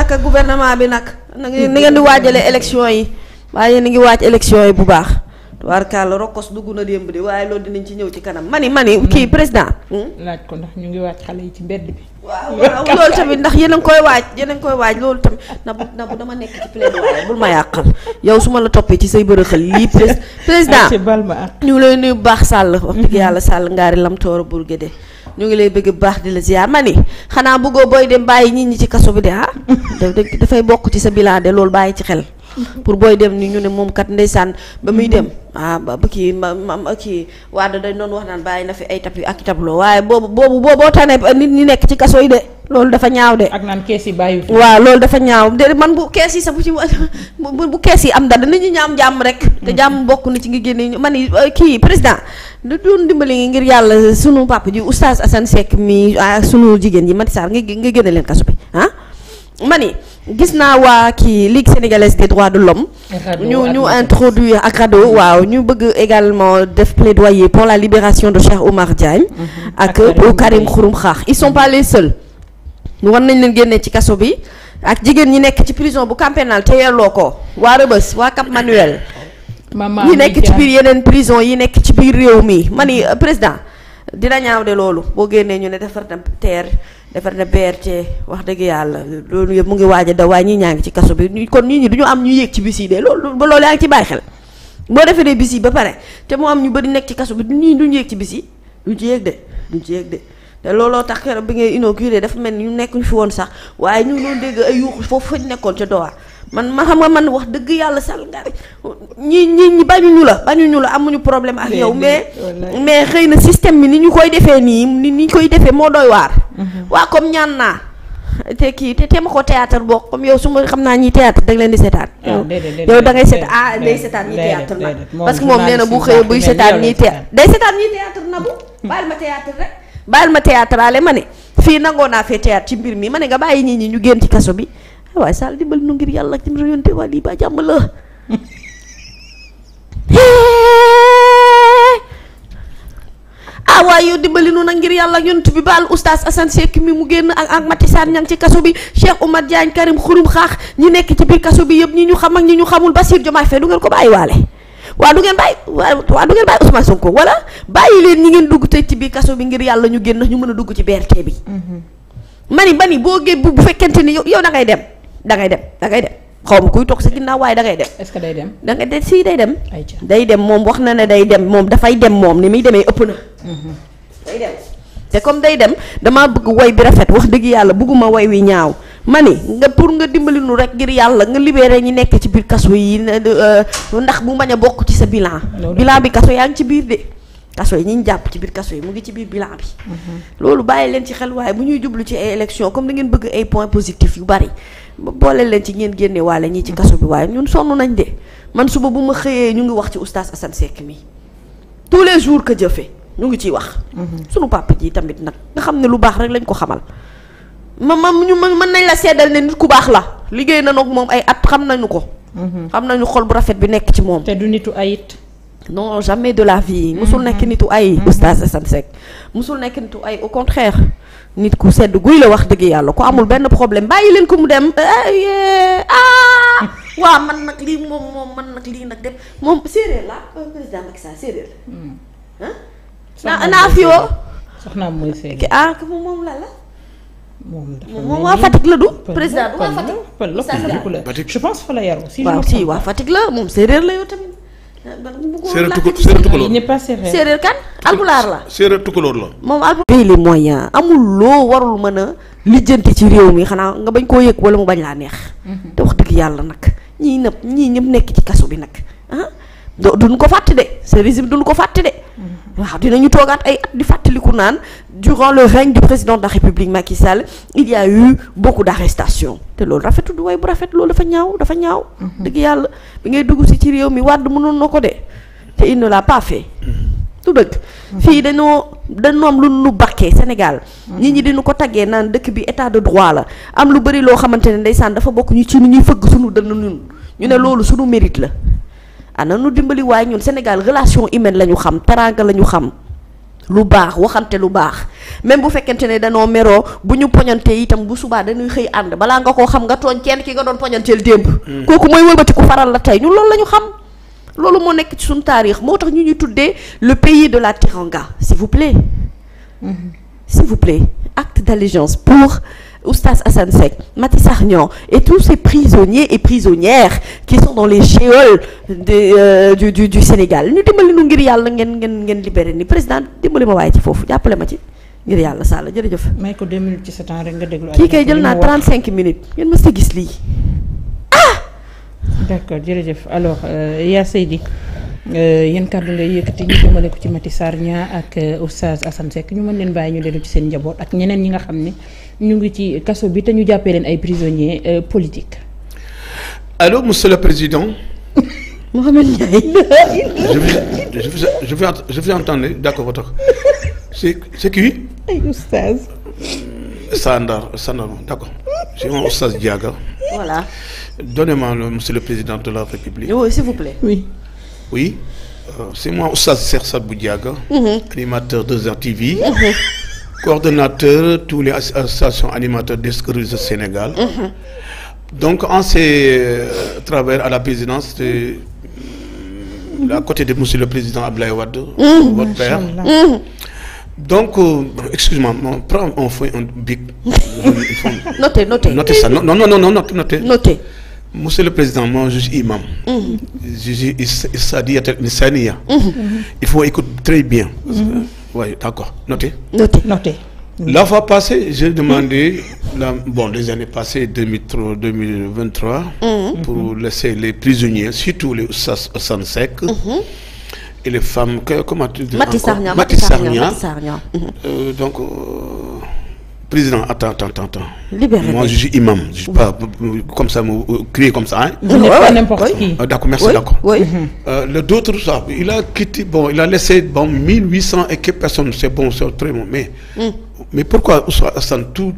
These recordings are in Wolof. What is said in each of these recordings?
nag gouvernement bi nag. na ngeen di waajalee élection yi waaye yéen ngi waaj élection yi bu baax. tubaarkàlla rokkos dugg na démb di waaye loolu dinañ ci ñëw ci kanam mani mani hmm. kii président. Hmm? laaj ko ndax ñu ngi waaj xale yi ci mbedd bi. tamit ndax yéen a ngi koy waaj yéen a ngi koy waaj loolu tamit na bu na bu dama nekk ci plaidoyer bul ma yàqal yow su ma la toppee ci say bërëxal lii président. président ñu ngi lay nuyu baax Sall. wax dëgg hmm. yàlla Sall ngaari lam toor Bourguédé. ñu ngi lay bëgg baax di la ziar ma ni xanaa bëggoo booy dem bàyyi nit ñi ci kaso bi de ah. dafay bokk ci sa bilan de loolu bàyyi ci xel. pour booy dem ni ñu ne moom kat ndeysaan ba muy dem ah ba kii ma ma kii waa da dañ doon wax naan bàyyi na fi ay tapi ak tabloo waaye boobu boobu boo tane nit ñi nekk ci kaso yi de loolu dafa ñaaw de. ak naan kees yi bàyyi waaw loolu dafa ñaaw de man bu kees yi sax bu ci bu bu kees yi am dara nit ñi ñu am jàmm rek. te jàmm bokk na ci ngi génne man kii président. da doon dimbali ngi ngir yàlla sunu papa ji oustaz Assane Seck mi ah, sunu jigéen yi Mati Sarr nga nga génne leen kaso bi ah ma ni gis naa waa kii Ligue sénégalaise de droits de l'homme ñu ñu introduire ak rado waaw ñu bëgg également def plaidoyer pour la libération de Cheikh Oumar Diagne mhm. ak Karim Xurum Xaax ils sont pas les war nañ leen génne ci kaso bi ak jigéen ñi nekk ci prison bu camp pénal te yelloo ko waa Rebeuss waa Cap Manuel maman yi nekk ci biir yeneen prison yi nekk ci biir réew mii man ni euh, président dina ñaaw de loolu boo génnee ñu ne defar na TER defar na BRT wax dëgg yàlla loolu yëpp mu ngi waaj a daw waaye ñii ñaa ngi ci kaso bi kon nit ñi du ñu am ñu yéeg ci bis yi de loolu ba loolu yaa ngi ci bàyyi defee de bis yi ba pare te mu am ñu bëri nekk ci kaso bi ñii duñu yéeg ci bis yi duñ ci de ci yéeg de te looloo tax keroog bi ngay inauguré dafa mel ni ñu nekkuñ fi woon sax waaye ñu ngi doon dégg ay yuuxu foofu fañ nekkoon ca Doha man ma xam nga man wax dëgg yàlla sal nga ñi ñi ñi bañuñu la bañuñu la amuñu problème ak yow mais mais xëy na système bi ni ñu koy defee nii ni ñu koy defee moo doy waar mhm. waa comme ñaan naa te kii te teema ko théâtre boo comme naa ñi théâtre da leen di seetaan ah, yow da ngay seetaan ah day seetaan ñi théâtre na parce que moom nee na bu xëyee buy seetaan ñi théâtre day seetaan ñi théâtre na bu hmm. baal ma théâtre rek baal ma théâtre ale ma ne fii nangoo naa fee théâtre ci mbir mi ma ne nga bàyyi ñii ñi ñu génn ci kaso bi waaye Sall dimbali nu ngir yàlla ci yonte waa lii ba jàmm la ah waaye yow dimbali nu ngir yàlla ak yonte bi baal oustaz Assane Seck mi mu génn ak ak Mati Sane ña ci kaso bi Cheikh Oumar Diagne Karim Xurum Xaax ñi nekk ci biir kaso bi yëpp ñi ñu xam ak ñi ñu xamul Bassirou Diomaye Faye du ngeen ko bàyyi waale waa du ngeen bàyyi waa du ngeen bàyyi Ousmane Sonko wala bàyyi leen ñi ngeen dugg tëj ci biir kaso bi ngir yàlla ñu génn ñu mën a dugg ci BRT bi mm-hmm. mani bani boo gé bu fekkente ni yow yow dem da ngay dem da ngay dem xaw ma kuy toog sa ginnaaw waaye da ngay dem. est-ce day dem da ngay de si day dem. day dem moom wax na ne day dem moom dafay dem moom ni muy demee ëpp na. Mm-hmm. te comme day dem damaa bëgg woy bi rafet wax dëgg yàlla bëgguma woy wi ñaaw. ma ni nga pour nga dimbali nu rek ngir yàlla nga libéré ñi nekk ci biir kaso yi euh, ndax mu bañ a bokk ci sa bilan. bilan bi kaso yaa ngi ci biir de. kaso yi ñu jàpp ci biir kaso yi mu ngi ci biir bilan bi. Mhm. loolu bàyyi leen ci xel waaye bu ñuy jublu ci ay élection comme da ngeen bëgg ay points positifs yu bari boole leen ci ngeen génne waale ñii ci kaso bi waaye ñun sonn nañ de man suba bu ma xëyee ñu ngi wax ci oustaz Assane Seck mi tous les jours que jëfee ñu ngi ciy wax. Mhm. sunu papa ji tamit nag nga xam ne lu baax rek lañ ko xamal. ma ma ñu mën nañ la seddal ne nit ku baax la liggéey na nag moom ay at xam nañu ko. Mhm. xam nañu xol bu rafet bi nekk ci moom. te du nitu ayit. non jamais de la vie mhm. musul nekk nitu ay mhm. oustaz Assane Seck musul nekk nitu ay au contraire nit ku sedd guy la wax dëgg yàlla ku amul benn problème bàyyi leen ko mu dem eh, ah waa man lii moom nag lii nag dem la président la moom waa Fatick la du. président du waa Fatick. la je moom séeréer la yow tamit. séeréer tukulóor ñëpp a séeréer séeréer kan alpulaar la séeréer tukulóor la moom alpulaar pays les moyens amul loo warul mën a lijjanti ci réew mi xanaa nga bañ koo yëg wala mu bañ laa neex mhm. te wax dëgg yàlla nag ñii nag ñii ñëpp nekk ci kaso bi nag ah? duñ ko fàtte de service bi duñ ko fàtte de mm-hmm. waaw dinañu toogaat ay at di fàttaliku naan durant le règne du président de la république Macky Sall il y a eu beaucoup te loolu rafetu du way bu rafet loolu dafa ñaaw dafa ñaaw mm-hmm. dëgg yàlla bi ngay dugg si ci réew mi wàdd mënoon na ko de te il l'a pas fait mm-hmm. du fii dañoo dañoo am lu nu bakkee Sénégal nit ñi diñu ko taggee naan dëkk bi état de droit la am lu bëri loo xamante ne ndeysaan dafa bokk ci nu ñuy fëgg suñu dënn ñu ne loolu suñu mérite la ana nu dimbali waaye ñun Sénégal relation humaine la ñu xam teraanga la ñu xam lu baax waxante lu baax même bu fekkente ne danoo meroo bu ñu poñante itam bu subaa dañuy xëy ànd balaa nga koo xam nga tooñ kenn ki nga doon poñanteel démb. Mm. kooku mooy wëlbati ku faral la tey ñun loolu la ñu xam. loolu moo nekk ci suñu taarix moo tax ñu ñu tuddee le pays de la teranga s'il vous plaît. Mm-hmm. s'il vous plaît acte d'allégeance pour. Oustaz Assane Seck Mati Sarnian et tous ces prisonniers et prisonnières qui sont dans les geôles de euh, du du du Sénégal ñu dimbali nu ngir yàlla ngeen ngeen ngeen libéré ni président dimbali ma waaye ci foofu jàppale ma ci ngir yàlla Sall jërëjëf. may ko deux minutes ci sa temps rek nga déglu. kii kay jël naa 35 minutes ngeen mës gis lii ah. d'accord jërëjëf alors euh, yaa Seydi. Euh, yéen kàddu ngay yëkkati ñu jëmale ko ci Mati Sarr ñaa ak euh, Oustaz Assane Seck mën leen bàyyi ñu dellu ci seen njaboot ak ñeneen ñi nga xam ne ñu ngi ci kaso bi te ñu jàppee leen ay prisonniers euh, politiques. allô monsieur le président. Mohamed Ndiaye. je vous je vous je vous je vous entends d'accord ba tax c'est c'est qui. ay oustaz. Sandar Sandar d'accord j'ai un oustaz Diaga. voilà. le monsieur le président de la République. oui s'il vous plaît. oui. Euh, c'est moi oustaz Cheikh Sadibou Diaga. Mm-hmm. animateur de 2 TV. Mm-hmm. coordonnateur tous les associations animateurs d'escrocs du Sénégal. Mmh. Donc, en ces euh, travers à la présidence, de, à euh, côté de monsieur le président Ablaye Wade, mmh, votre père. Mm-hmm. Donc, euh, Monsieur le Président, moi, je imam. Mm -hmm. Je suis mm-hmm. Il faut écouter très bien. Mm-hmm. Oui, d'accord. Notez. Notez. Notez. La fois passée, j'ai demandé, la, bon, les années passées, 2003, 2023, mmh. pour mm-hmm. laisser les prisonniers, surtout les sans sec, mmh. et les femmes, que, Matissarnia. Matissarnia. Mm-hmm. Euh, donc, euh, Président, attends, attends, attends. Libérez. Moi, je suis imam. Je ne suis pas comme ça, euh, crier comme ça. Hein? Ah, d'accord, merci, d'accord. Mhm. Euh, le d'autre, ça, il a quitté, bon, il a laissé bon, 1800 et quelques personnes. C'est bon, c'est très bon. Mais, mm. mais pourquoi Ousmane tout,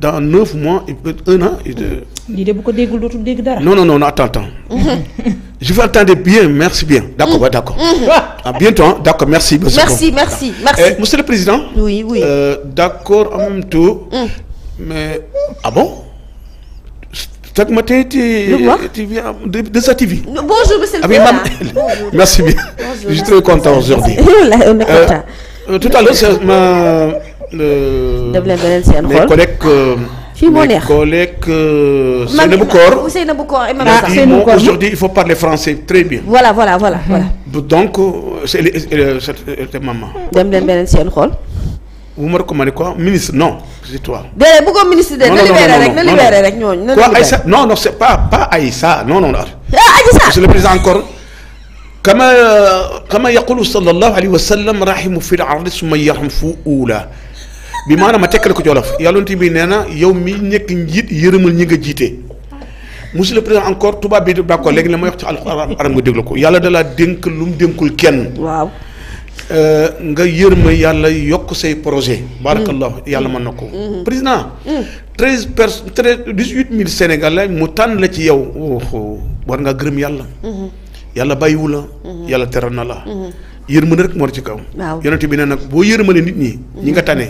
dans 9 mois, il peut, un an il, mm. il est beaucoup de Non, non, non, attends, mm-hmm. je vous entendais bien merci bien. d' accord ba mm. d' accord. à mm. ah, bientôt d' eh, merci. monsieur le président. oui oui euh, d' accord en mm. mais ah bon. tag ma tey ci. de de sa TV. bonjour monsieur le ah, président merci bien. je très content aujourd'hui. on est euh, content. Euh, tout à l'heure c'est ma. dem leen beneen seen xol collègue. fii moo neex lekk euh, Seynabou Koor Seynabou Koor imam sax aujourd'hui il faut parler français très bien voilà voilà voilà mm. voilà donc euh, c'est euh, maman dem leen beneen seen xool wu ma recommandé quoi ministre non c'est toi. déedéet bu ko ministre de na libéré rek na libéré rek ñooñu. na libéré quoi Aïssa non non c'est pas pas Aïssa non non. ah Aïssa monsieur le président encore. kama kama yaqulu sallallahu alayhi wa sallam rahimu fi l ardi summa yarham fu uula bi maanaam a tekkale ko jolof yàllonte bi nee na yow mi nekk njiit yërëmal ñi nga jiite monsieur le président encore tubaab bi d'accord léegi la may wax ci alxuraan aram nga déglu ko yàlla da laa dénk lu mu dénkul kenn waaw euh, nga yërma yàlla yokk say projet mm. barakallahu yàlla mën na ko mm. président mm. treize personnes treize dix huit mille sénégalais mu tànn la ci yow war ngaa gërëm yàlla mm-hmm. yàlla bàyyiwu la mm-hmm. yàlla teral na la mm-hmm. yërmande rek moo ci kaw yonent bi ne nag boo yërmale nit ñi ñi nga tane